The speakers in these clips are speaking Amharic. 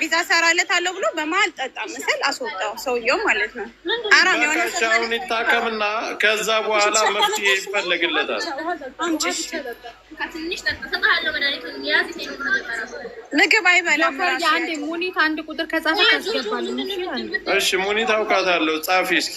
ቪዛ ሰራለት አለው ብሎ በመሀል ጠጣ መሰል አስወጣው፣ ሰውየው ማለት ነው። አራም የሆነ ሻውን ይታከምና ከዛ በኋላ መፍትሄ ይፈለግለታል። ምግብ አይበላም። ሙኒት አንድ ቁጥር ከጻፈ ካስገባል። እሺ ሙኒት አውቃታለሁ፣ ጻፊ እስኪ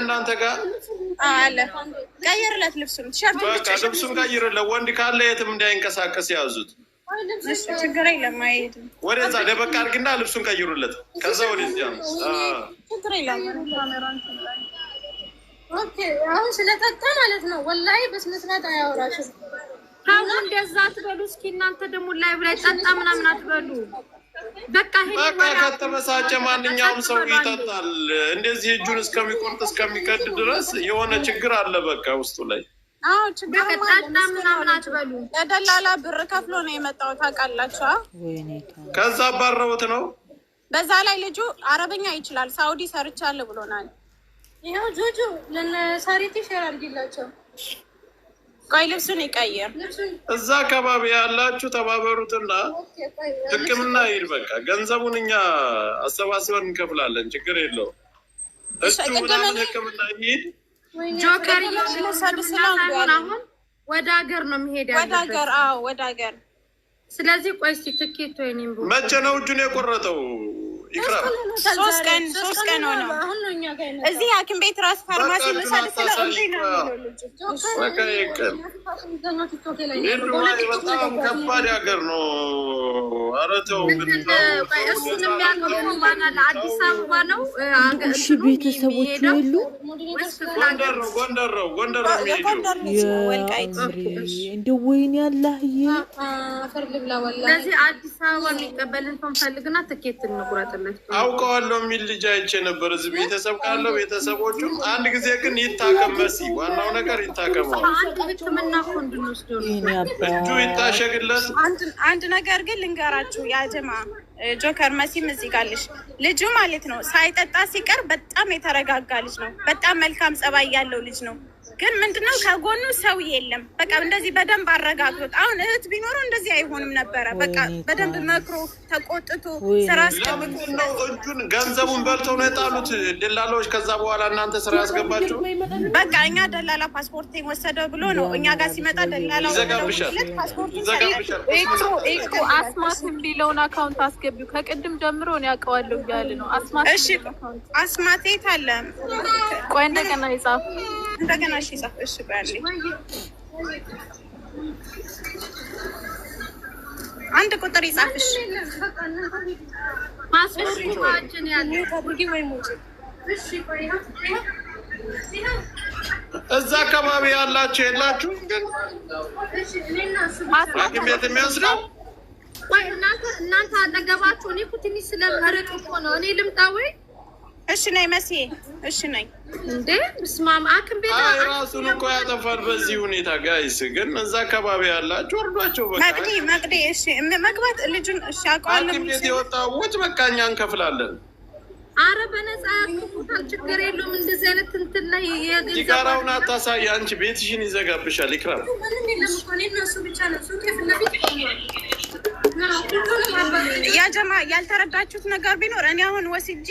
እናንተ ጋር አለ ቀይርለት፣ ልብሱን ልብሱን ቀይርለት። ወንድ ካለ የትም እንዳይንቀሳቀስ የያዙት ወደዛ ደበቅ አድርግና ልብሱን ቀይሩለት። ከዛ ወደዚያ ችግር አሁን ስለጠጣ ማለት ነው። ወላሂ በስነ አያወራሽም። አሁን እንደዛ አትበሉ። እስኪ እናንተ ደግሞ ላይ ብላይ ጠጣ ምናምን አትበሉ። በቃ ከተመሳጨ ማንኛውም ሰው ይጠጣል። እንደዚህ እጁን እስከሚቆርጥ እስከሚቀድ ድረስ የሆነ ችግር አለ። በቃ ውስጡ ላይ ለደላላ ብር ከፍሎ ነው የመጣው ታውቃላችሁ። ከዛ አባረውት ነው። በዛ ላይ ልጁ አረበኛ ይችላል። ሳውዲ ሰርቻለሁ ብሎናል። ይኸው ጁጁ ለሰሪት ይሸራል ላቸው ቆይ ልብሱን ይቀይር። እዛ አካባቢ ያላችሁ ተባበሩትና ሕክምና ይሄድ። በቃ ገንዘቡን እኛ አሰባስበን እንከፍላለን። ችግር የለው። እሱ ምናምን ሕክምና ይሄድ። ጆከር አሁን ወደ ሀገር ነው የሚሄድ ወደ ሀገር። አዎ ወደ ሀገር። ስለዚህ ቆይ እስኪ ትኬት ወይኔ፣ መቼ ነው እጁን የቆረጠው? ሶስት ቀን ሶስት ቀን ሆነው እዚህ ሐኪም ቤት ራስ ፋርማሲ ስለ በጣም ከባድ ሀገር ነው። ተው ማናለ አዲስ አበባ ነው። እሺ ጎንደር ነው ጎንደር ነው ጎንደር ነው አዲስ አበባ የሚቀበልን ሰው ትኬት አውቀዋለሁ የሚል ልጅ አይቼ ነበር። እዚህ ቤተሰብ ካለው ቤተሰቦቹም አንድ ጊዜ ግን ይታከም መሲ፣ ዋናው ነገር ይታከመዋል። እጁ ይታሸግለት። አንድ ነገር ግን ልንገራችሁ ያጀማ ጆከር መሲም እዚህ ጋለሽ ልጁ ማለት ነው ሳይጠጣ ሲቀር በጣም የተረጋጋ ልጅ ነው። በጣም መልካም ጸባይ ያለው ልጅ ነው። ግን ምንድነው ከጎኑ ሰው የለም። በቃ እንደዚህ በደንብ አረጋግጦት፣ አሁን እህት ቢኖሩ እንደዚህ አይሆንም ነበረ። በቃ በደንብ መክሮ ተቆጥቶ ስራ አስቀምጦ እጁን ገንዘቡን በልቶ ነው የጣሉት ደላላዎች። ከዛ በኋላ እናንተ ስራ ያስገባችሁ በቃ እኛ ደላላ ፓስፖርት ወሰደው ብሎ ነው እኛ ጋር ሲመጣ ደላላ ፓስፖርት አስማት የሚለውን አካውንት አስገቢው ከቅድም ጀምሮ ነው ያውቀዋለሁ እያለ ነው አስማት። እሺ አስማት የት አለ? ቆይ እንደገና ይጻፍ እንደገና እሺ፣ እሺ በያለኝ አንድ ቁጥር ይጻፍሽ። እዛ አካባቢ ያላችሁ የላችሁ ሐኪም ቤት የሚወስደው እናንተ አጠገባችሁ። እኔ እኮ ትንሽ ስለመረቅ እኮ ነው። እኔ ልምጣ ወይ እሺ ነኝ መሲ፣ እሺ ነኝ እንዴ። ስማም አክም ቤት ራሱን እኮ ያጠፋል በዚህ ሁኔታ። ጋይስ ግን እዛ አካባቢ ያላችሁ ወርዷቸው። በቃ መቅዲ መቅዲ፣ እሺ መግባት ልጁን እሺ፣ አውቀዋለሁ። አክም ቤት የወጣዎች በቃ እኛ እንከፍላለን። አረ በነፃ ያክፉታል፣ ችግር የለውም። እንደዚህ አይነት እንትን ላይ ሲጋራውን አታሳይ አንቺ፣ ቤትሽን ይዘጋብሻል። ይክራል እነሱ ብቻ ነው ሱቅ የፊት ያጀማ ያልተረዳችሁት ነገር ቢኖር እኔ አሁን ወስጄ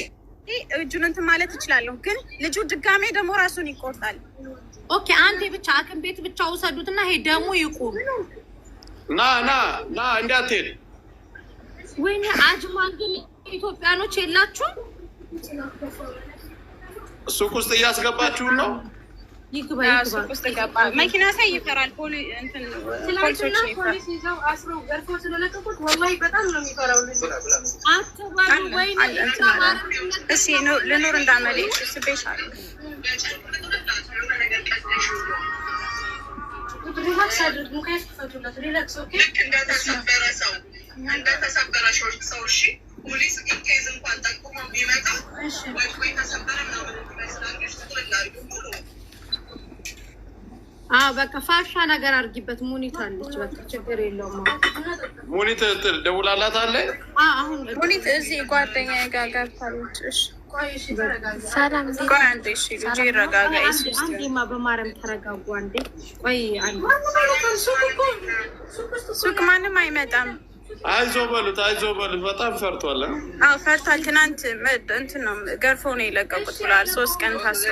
እጁን እንትን ማለት እችላለሁ፣ ግን ልጁ ድጋሜ ደግሞ ራሱን ይቆርጣል። ኦኬ አንዴ ብቻ ሐኪም ቤት ብቻ ውሰዱት እና ይሄ ደሙ ይቁም። ና ና ና እንዳትሄድ። ወይኔ አጅማን ግን ኢትዮጵያኖች የላችሁም? ሱቅ ውስጥ እያስገባችሁን ነው መኪና ሳይ ይፈራል። ትላንትና ፖሊስ ይዘው አስረው ገርፎ ስለለቀቁት ወላሂ በጣም ነው የሚፈራው። ልኑር እንዳመሌ እንደተሰበረ ሰው እሺ፣ ፖሊስ ግን እንኳን ጠቁሞ ቢመጣ ወይ ተሰበረ ምናምን በቃ ፋሻ ነገር አድርጊበት። ሙኒት አለች፣ በቃ ችግር የለውም። ሙኒት ደውላላት አለ። አሁን ሙኒት እዚህ ጓደኛ ጋር ገብታለች። እሺ ሰላም በማርያም ተረጋጉ አንዴ። ቆይ ሱቅ ማንም አይመጣም። አይዞ በሉት፣ አይዞ በሉት። በጣም ፈርቷል። አዎ ፈርቷል። ትናንት እንትን ነው ገርፎ ነው የለቀቁት ብለዋል። ሶስት ቀን ታስሮ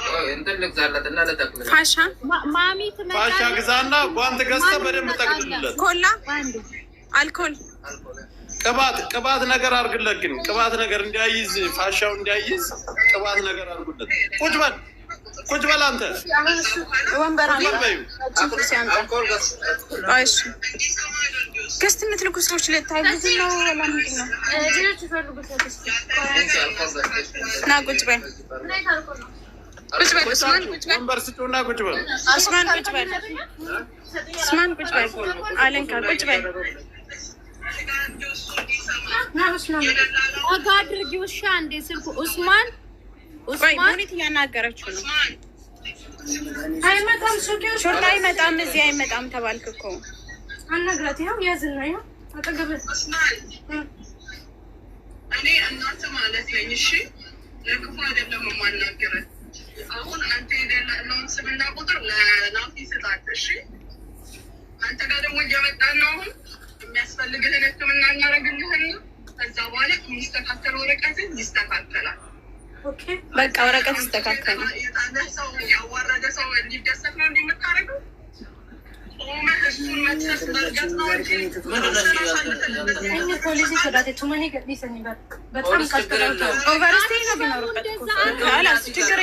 ፋሻ ማሚ ፋሻ ግዛና ጓንት ገዝተህ በደንብ ጠቅልልለት። ኮላ አልኮል ቅባት ቅባት ነገር አርግለት ግን ቅባት ነገር እንዲያይዝ ፋሻው እንዲያይዝ ቅባት ነገር አድርጉለት። ቁጭ በል ቁጭ በል አንተ ገስት የምትልኩ ሰዎች ልታይ ብዙ ነው። ለምንድን ነው ና ቁጭ በል ወንበር ስጡና ቁጭ በል ኡስማን፣ ቁጭ ለክፉ አይደለም የማናግረህ አሁን አንተ የደላነውን ስምና ቁጥር ለናፊ ስጣት። እሺ፣ አንተ ጋር ደግሞ እየመጣን ነው። አሁን የሚያስፈልግህን ሕክምና እናደርግልህን። ከዛ በኋላ የሚስተካከል ወረቀት ይስተካከላል። በቃ ወረቀት ይስተካከላል። የጣለ ሰው ያዋረደ ሰው እንዲደሰት ነው ችግር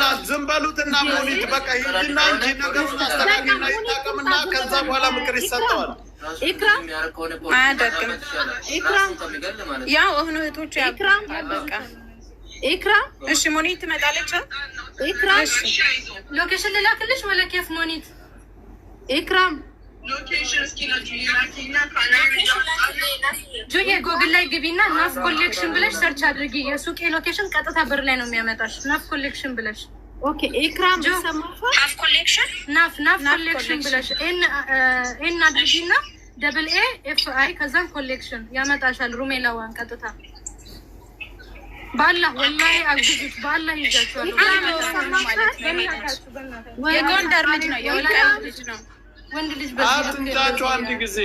ናት። ዝም በሉትና ሙኒት በቃ ሂድና እንጂ ነገሩን አስተካክልና ይታቀምና ከዛ በኋላ ምክር ይሰጠዋል። ኢክራም ሎኬሽን ልላክልሽ መለኬፍ ሙኒት ኢክራም ጁዬ ጎግል ላይ ግቢና ናፍ ኮሌክሽን ብለሽ ሰርች አድርጊ። የሱቄ ሎኬሽን ቀጥታ ብር ላይ ነው የሚያመጣሽ። ናፍ ኮሌክሽን ብለሽ ናፍ ናፍ ኮሌክሽን ብለሽ ኤን uh, አድርጊና ደብል ኤ ኤፍ አይ ኮሌክሽን ያመጣሻል። ሩሜላዋን ቀጥታ ባላህ ወላሂ አግዙት፣ ይዛችኋል። የጎንደር ልጅ ነው፣ ልጅ ነው። ወንድ ልጅ አትንጫቸው። አንድ ጊዜ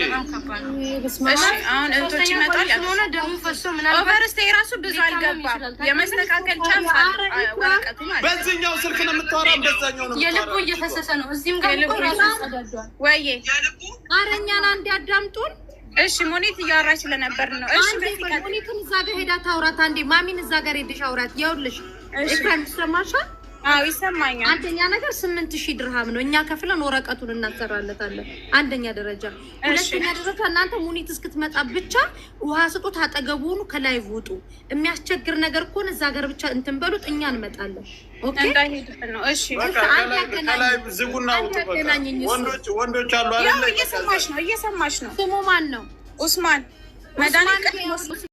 አሁን እንቶች ይመጣል ሆነ ደግሞ ፈሶ ኦቨርስቴ ራሱ ብዙ አልገባም። የመስተካከል ጫፍ በዚህኛው ስልክ ነው የምታወራ፣ በዛኛው ነው የልቡ እየፈሰሰ ነው። እዚህም ጋር ወዬ አረኛን አንድ ያዳምጡን። እሺ ሙኒት እያወራች ስለነበር ነው። እሺ ሙኒትን እዛ ጋር ሄዳ ታውራት አንዴ። ማሚን እዛ ጋር ሄድሽ አውራት። ይኸውልሽ ይሰማሻል አዎ ይሰማኛል። አንደኛ ነገር ስምንት ሺህ ድርሃም ነው። እኛ ከፍለን ወረቀቱን እናሰራለታለን። አንደኛ ደረጃ። ሁለተኛ ደረጃ እናንተ ሙኒት እስክትመጣ ብቻ ውሃ ስጡት፣ አጠገቡ ሁኑ፣ ከላይ ውጡ። የሚያስቸግር ነገር ከሆነ እዛ ጋር ብቻ እንትን በሉት፣ እኛ እንመጣለን። ወንዶች አሉ። እየሰማሽ ነው፣ እየሰማሽ ነው። ስሙ ማን ነው? ኡስማን መድኃኒት